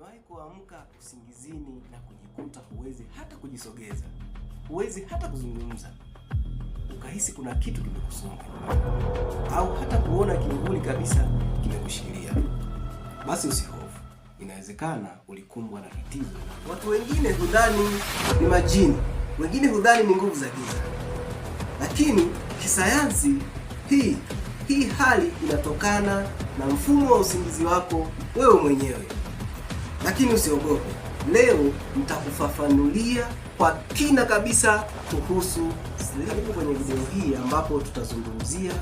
Umewahi kuamka usingizini na kujikuta huwezi hata kujisogeza, huwezi hata kuzungumza, ukahisi kuna kitu kimekusonga, au hata kuona kivuli kabisa kimekushikilia? Basi usihofu, inawezekana ulikumbwa na tatizo. Watu wengine hudhani ni majini, wengine hudhani ni nguvu za giza, lakini kisayansi hii hii hali inatokana na mfumo wa usingizi wako wewe mwenyewe. Lakini usiogope, leo nitakufafanulia kwa kina kabisa kuhusu sleep kwenye video hii, ambapo tutazungumzia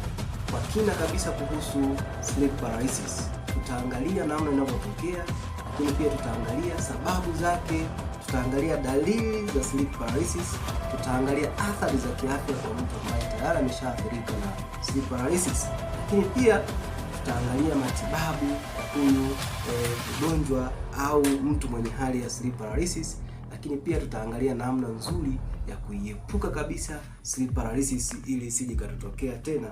kwa kina kabisa kuhusu sleep paralysis. Tutaangalia namna inavyotokea, lakini pia tutaangalia sababu zake, tutaangalia dalili za sleep paralysis, tutaangalia athari za kiafya kwa mtu ambaye tayari ameshaathirika na sleep paralysis, lakini pia tutaangalia matibabu ya huyu eh, mgonjwa e, au mtu mwenye hali ya sleep paralysis, lakini pia tutaangalia namna nzuri ya kuiepuka kabisa sleep paralysis ili isije ikatutokea tena.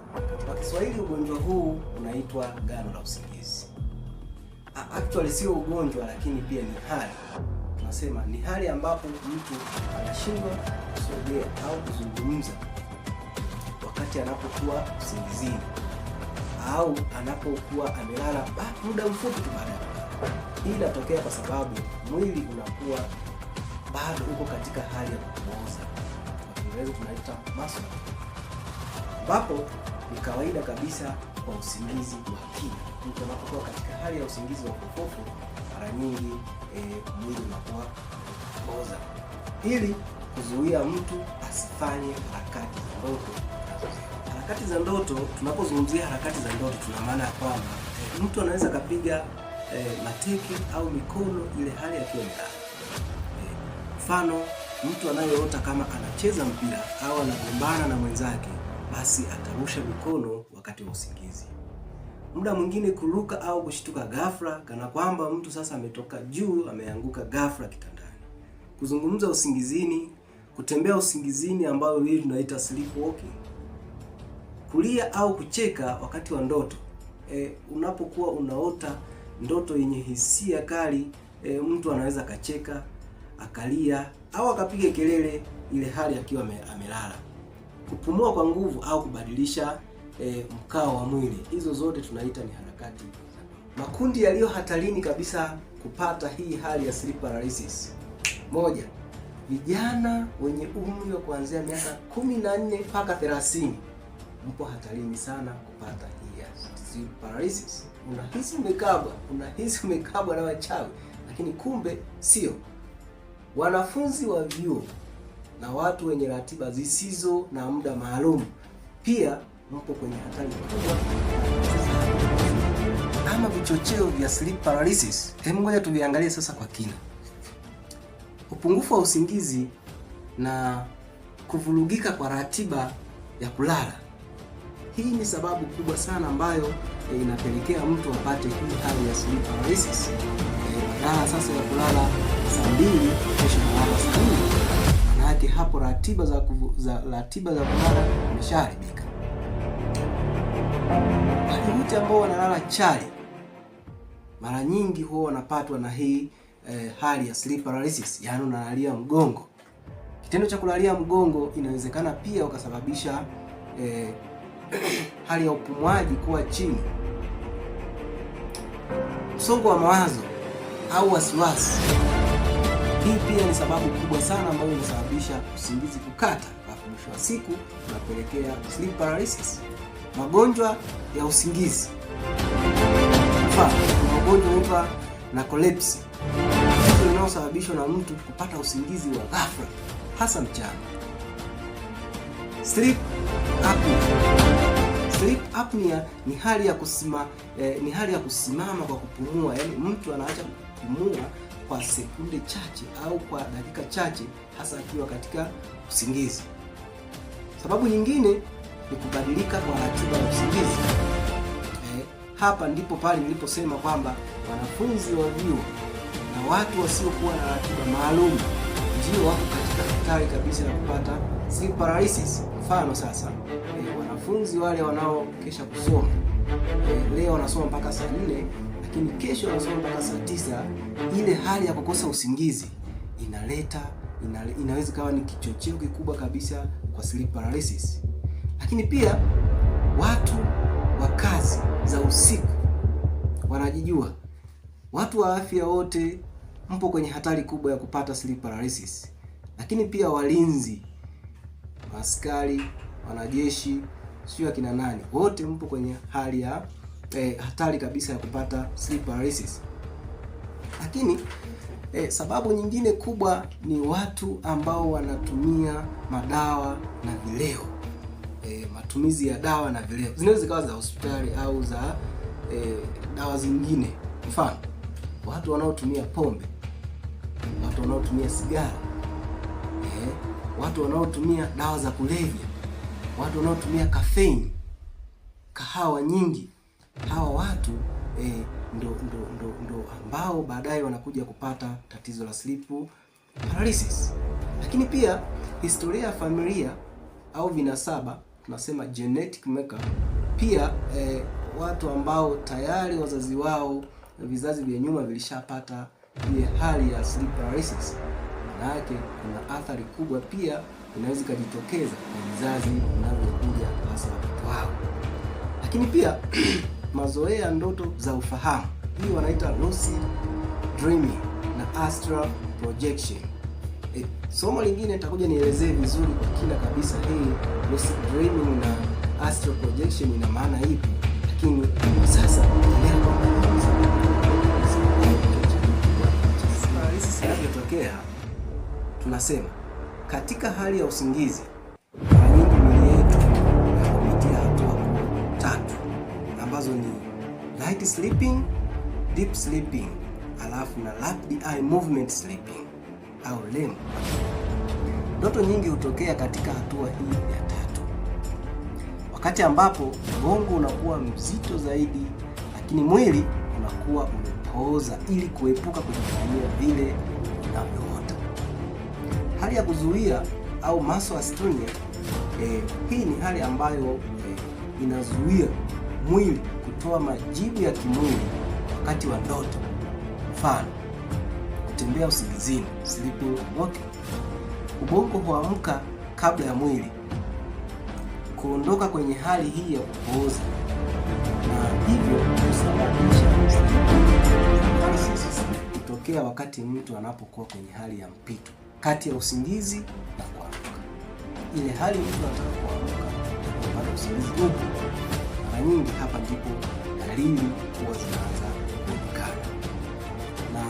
Kwa Kiswahili ugonjwa huu unaitwa gano la usingizi. Actually sio ugonjwa, lakini pia ni hali tunasema ni hali ambapo mtu anashindwa kusogea au kuzungumza wakati anapokuwa usingizini au anapokuwa amelala muda mfupi tu baada ya kulala. Hii inatokea kwa sababu mwili unakuwa bado uko katika hali ya kupooza, kwa Kiingereza tunaita ambapo ni kawaida kabisa kwa usingizi wa kina. Mtu anapokuwa katika hali ya usingizi wa upofu, mara nyingi e, mwili unakuwa kupooza. Ili kuzuia mtu asifanye harakati za harakati za ndoto, tunapozungumzia harakati za ndoto, tuna maana ya kwamba e, mtu anaweza akapiga e, mateke au mikono ile hali akiwa ndani. Eh, mfano e, mtu anayeota kama anacheza mpira au anagombana na mwenzake, basi atarusha mikono wakati wa usingizi. Muda mwingine kuruka au kushtuka ghafla, kana kwamba mtu sasa ametoka juu, ameanguka ghafla kitandani. Kuzungumza usingizini, kutembea usingizini, ambayo hii tunaita sleep walking. Kulia au kucheka wakati wa ndoto. E, unapokuwa unaota ndoto yenye hisia kali e, mtu anaweza akacheka, akalia au akapiga kelele, ile hali akiwa amelala. Kupumua kwa nguvu au kubadilisha e, mkao wa mwili, hizo zote tunaita ni harakati. Makundi yaliyo hatarini kabisa kupata hii hali ya sleep paralysis. Moja, vijana wenye umri wa kuanzia miaka 14 mpaka 30 mpo hatarini sana kupata hii sleep paralysis. Unahisi umekabwa, unahisi umekabwa na wachawi, lakini kumbe sio. Wanafunzi wa vyuo na watu wenye ratiba zisizo na muda maalum pia mpo kwenye hatari kubwa kama vichocheo vya sleep paralysis. Hebu ngoja tuviangalie sasa kwa kina. Upungufu wa usingizi na kuvurugika kwa ratiba ya kulala hii ni sababu kubwa sana ambayo e, inapelekea mtu apate hii hali ya sleep paralysis. Eh, badala sasa ya kulala saa mbili kesho kulala saa nne, manake hapo ratiba za za ratiba za kulala imeshaharibika. Watu wote ambao wanalala chali mara nyingi huwa wanapatwa na hii e, hali ya sleep paralysis, yaani unalalia mgongo. Kitendo cha kulalia mgongo inawezekana pia ukasababisha e, hali ya upumuaji kuwa chini, msongo wa mawazo au wasiwasi. Hii pia ni sababu kubwa sana ambayo inasababisha usingizi kukata, alafu mwisho wa siku unapelekea sleep paralysis. Magonjwa ya usingizi, mfano magonjwa unaitwa narcolepsy, inayosababishwa na mtu kupata usingizi wa ghafla, hasa mchana. Sleep apnea sleep apnea ni hali ya kusima, eh, ni hali ya kusimama kwa kupumua, yaani mtu anaacha kupumua kwa sekunde chache au kwa dakika chache, hasa akiwa katika usingizi. Sababu nyingine ni kubadilika kwa ratiba ya usingizi. Eh, hapa ndipo pale niliposema kwamba wanafunzi wa vyuo na watu wasiokuwa na ratiba maalum ndio wako katika hatari kabisa ya kupata sleep paralysis. Mfano sasa wanafunzi wale wanaokesha kusoma e, leo wanasoma mpaka saa nne lakini kesho wanasoma mpaka saa tisa ile hali ya kukosa usingizi inaleta ina, inaweza kawa ni kichocheo kikubwa kabisa kwa sleep paralysis. Lakini pia watu wa kazi za usiku wanajijua, watu wa afya wote mpo kwenye hatari kubwa ya kupata sleep paralysis, lakini pia walinzi, askari, wanajeshi sio akina nani, wote mpo kwenye hali ya eh, hatari kabisa ya kupata sleep paralysis. Lakini eh, sababu nyingine kubwa ni watu ambao wanatumia madawa na vileo. Eh, matumizi ya dawa na vileo zinaweza zikawa za hospitali au za eh, dawa zingine, mfano watu wanaotumia pombe, watu wanaotumia sigara eh, watu wanaotumia dawa za kulevya watu wanaotumia caffeine, kahawa nyingi, hawa watu e, ndo, ndo, ndo, ndo ambao baadaye wanakuja kupata tatizo la sleep paralysis. Lakini pia historia ya familia au vinasaba, tunasema genetic makeup, pia e, watu ambao tayari wazazi wao vizazi vya nyuma vilishapata ile hali ya sleep paralysis, maana yake kuna athari kubwa pia inaweza ikajitokeza kwa mzazi vinavyokuja, hasa watoto wao. Lakini pia mazoea, ndoto za ufahamu, hii wanaita lucid dreaming na astral projection. E, somo lingine nitakuja nielezee vizuri kwa kina kabisa hii lucid dreaming na astral projection ina maana ipi, lakini sasa inavyotokea tunasema katika hali ya usingizi, mara nyingi mwili yetu inapitia hatua tatu ambazo ni light sleeping, deep sleeping, alafu na rapid eye movement sleeping au REM. Ndoto nyingi hutokea katika hatua hii ya tatu, wakati ambapo ubongo unakuwa mzito zaidi, lakini mwili unakuwa umepooza ili kuepuka kujifanyia vile unavyoona. Hali ya kuzuia au muscle asthenia eh, hii ni hali ambayo eh, inazuia mwili kutoa majibu ya kimwili wakati wa ndoto, mfano kutembea usingizini, sleeping Ubongo huamka kabla ya mwili kuondoka kwenye hali hii ya kupooza na hivyo kusababisha kutokea wakati mtu anapokuwa kwenye hali ya mpito kati ya usingizi na kuamka. Ile hali mtu anataka kuamka kupata usingizi huku, mara nyingi hapa ndipo dalili huwa zinaanza kuonekana, na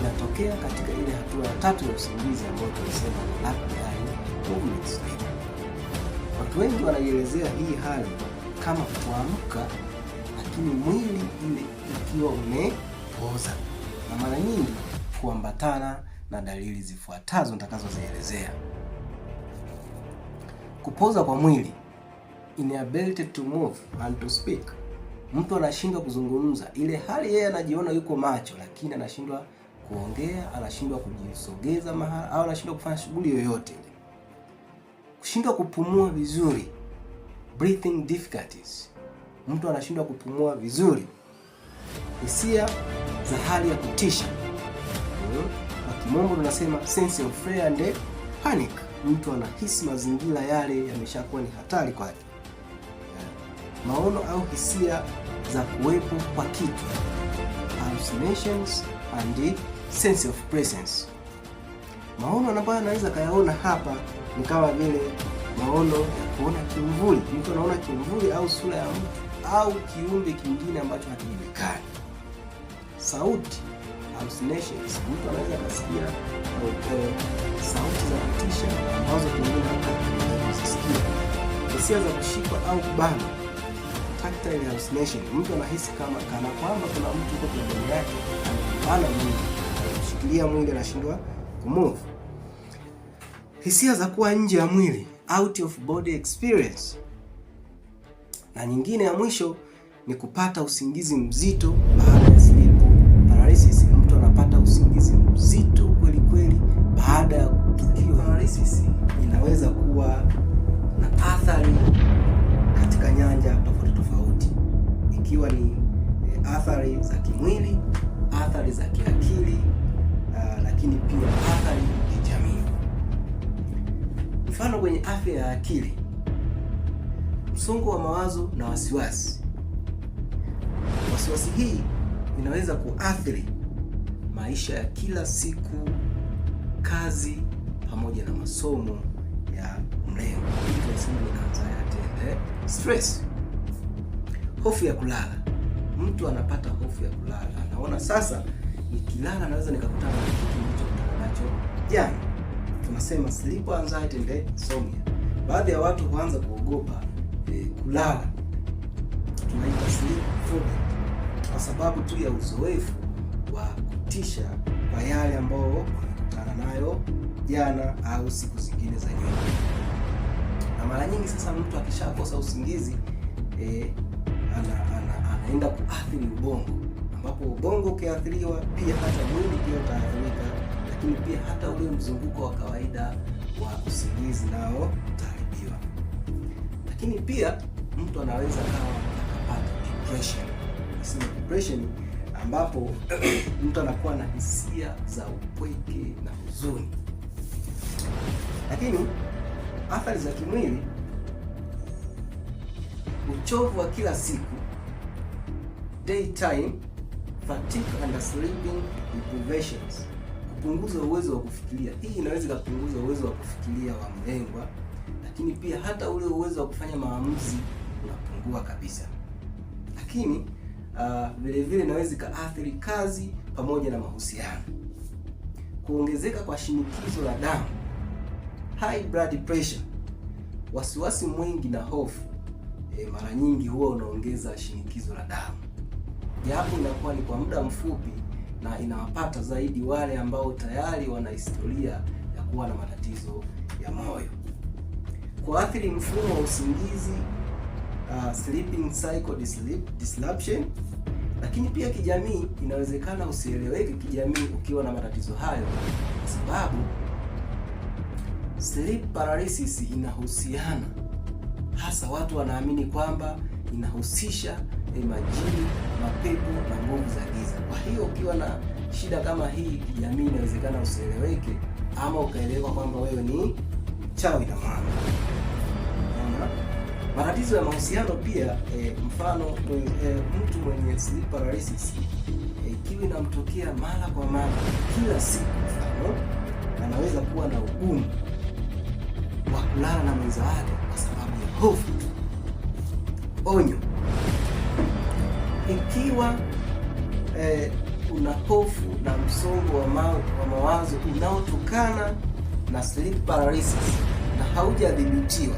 inatokea katika ile hatua ya tatu ya usingizi ambayo tunasema rapid eye movement sleep. Watu wengi wanaielezea hii hali kama kuamka, lakini mwili ile ukiwa umepoza, na mara nyingi kuambatana na dalili zifuatazo nitakazozielezea. Kupoza kwa mwili, inability to move and to speak. Mtu anashindwa kuzungumza, ile hali yeye anajiona yuko macho, lakini anashindwa kuongea, anashindwa kujisogeza mahala, au anashindwa kufanya shughuli yoyote Kushindwa kupumua vizuri, breathing difficulties. Mtu anashindwa kupumua vizuri. Hisia za hali ya kutisha hmm kimombo tunasema sense of fear and panic. Mtu anahisi mazingira yale yameshakuwa ni hatari kwake. Maono au hisia za kuwepo kwa kitu, hallucinations and sense of presence. Maono ambayo anaweza kayaona hapa ni kama vile maono ya kuona kimvuli, mtu anaona kimvuli au sura ya mtu au kiumbe kingine ambacho hakijulikani. Sauti hallucinations. Mtu anaweza akasikia eh, sauti za kutisha ambazo tunaona kuzisikia, hisia za kushikwa au kubana, tactile hallucination. Mtu anahisi kama kana kwamba kuna mtu yuko pembeni yake anabana mwili, anashikilia mwili, anashindwa kumove. Hisia za kuwa nje ya mwili, out of body experience. Na nyingine ya mwisho ni kupata usingizi mzito inaweza kuwa na athari katika nyanja tofauti tofauti, ikiwa ni eh, athari za kimwili, athari za kiakili, ah, lakini pia athari jamii Mfano kwenye afya ya akili, msongo wa mawazo na wasiwasi. Wasiwasi hii inaweza kuathiri maisha ya kila siku, kazi pamoja na masomo mleo tulisema ni kansa ya eh, Stress, hofu ya kulala. Mtu anapata hofu ya kulala, anaona sasa nikilala naweza nikakutana na kitu nilichokutana nacho jana. Tunasema sleep anxiety and somia Baadhi ya watu huanza kuogopa eh, kulala, tunaita sleep phobia, kwa sababu tu ya uzoefu wa kutisha kwa yale ambayo wamekutana nayo jana au siku zingine za nyuma na mara nyingi sasa mtu akishakosa usingizi eh, ana, ana, anaenda kuathiri ubongo, ambapo ubongo ukiathiriwa, pia hata mwili pia utaathirika, lakini pia hata ule mzunguko wa kawaida wa usingizi nao utaharibiwa. Lakini pia mtu anaweza kawa akapata depression, depression ambapo mtu anakuwa na hisia za upweke na huzuni, lakini athari za kimwili, uchovu wa kila siku, daytime fatigue and sleeping deprivations, kupunguza uwezo wa kufikiria. Hii inaweza kupunguza uwezo wa kufikiria wa mlengwa, lakini pia hata ule uwezo wa kufanya maamuzi unapungua kabisa. Lakini uh, vile vile inaweza ikaathiri kazi pamoja na mahusiano. Kuongezeka kwa shinikizo la damu high blood pressure. Wasiwasi mwingi na hofu e, mara nyingi huwa unaongeza shinikizo la damu, japo inakuwa ni kwa muda mfupi, na inawapata zaidi wale ambao tayari wana historia ya kuwa na matatizo ya moyo. Kuathiri mfumo wa usingizi uh, sleeping cycle disruption. Lakini pia kijamii, inawezekana usieleweke kijamii ukiwa na matatizo hayo kwa sababu Sleep paralysis inahusiana hasa, watu wanaamini kwamba inahusisha eh, majini, mapepo na nguvu za giza. Kwa hiyo ukiwa na shida kama hii kijamii, inawezekana usieleweke ama ukaelewa kwamba wewe ni chawi na maana. Matatizo ya mahusiano pia e, mfano e, mtu mwenye sleep paralysis ikiwa e, inamtokea mara kwa mara kila siku, mfano anaweza kuwa na ugumu kulala na mwenza wake kwa sababu ya hofu. Onyo: ikiwa eh, una hofu na msongo wa, ma wa mawazo unaotokana na sleep paralysis na haujadhibitiwa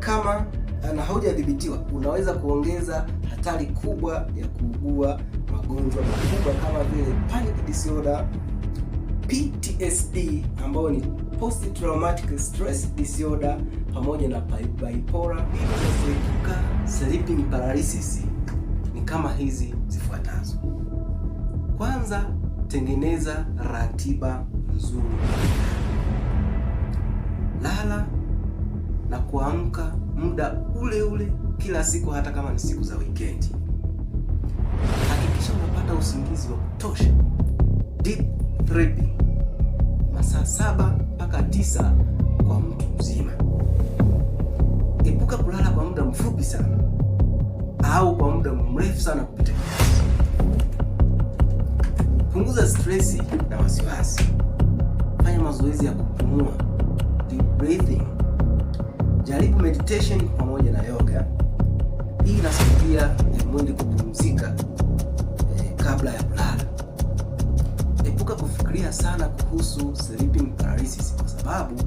kama eh, na haujadhibitiwa, unaweza kuongeza hatari kubwa ya kuugua magonjwa makubwa kama vile panic disorder, PTSD ambayo ni post traumatic stress disorder pamoja na bipolar, kuepuka sleeping paralysis ni kama hizi zifuatazo. Kwanza, tengeneza ratiba nzuri. Lala na kuamka muda ule ule kila siku, hata kama ni siku za weekend. Hakikisha unapata usingizi wa kutosha, deep sleeping masaa saba mpaka tisa kwa mtu mzima. Epuka kulala kwa muda mfupi sana au kwa muda mrefu sana kupita kiasi. Punguza stresi na wasiwasi. Fanya mazoezi ya kupumua, deep breathing. Jaribu meditation pamoja na yoga. Hii inasaidia mwili kupumzika eh, kabla ya kulala epuka kufikiria sana kuhusu sleeping paralysis, kwa sababu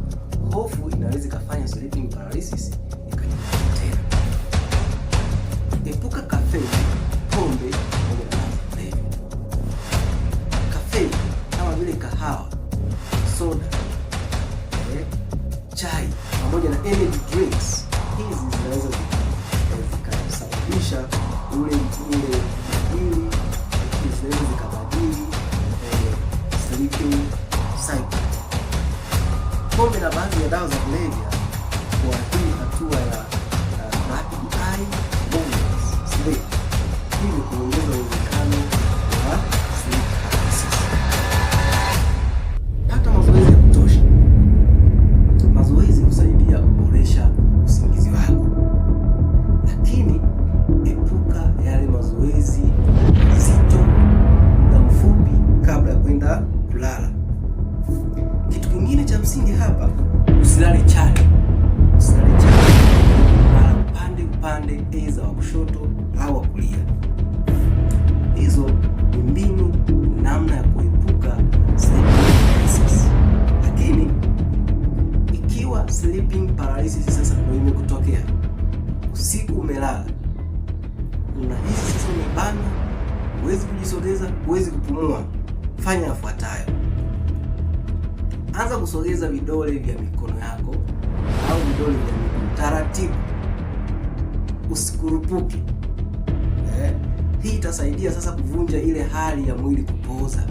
hofu inaweza ikafanya sleeping paralysis ikajitokeza Epuka kafe, pombe vile kahawa, soda, eh, chai pamoja na energy drinks. Hizi zinaweza zikasababisha ule ule Addiction Psycho. Pombe na baadhi ya dawa za kulevya kusaidia sasa kuvunja ile hali ya mwili kupooza.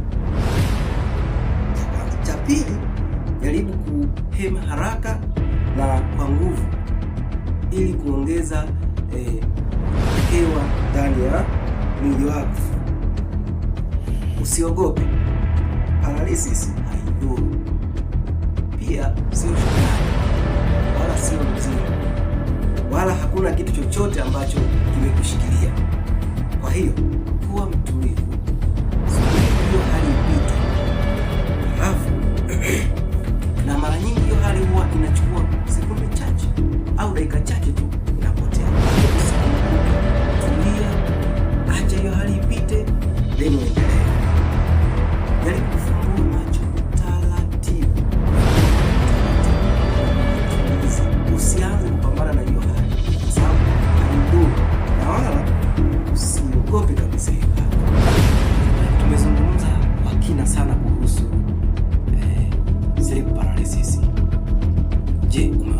Cha pili, jaribu kuhema haraka na kwa nguvu ili kuongeza eh, hewa ndani ya mwili wako. Usiogope, paralysis haidhuru. Pia sio shujaa wala sio mzimu wala hakuna kitu chochote ambacho kimekushikilia. Kwa hiyo kuwa mtulivu. Merci.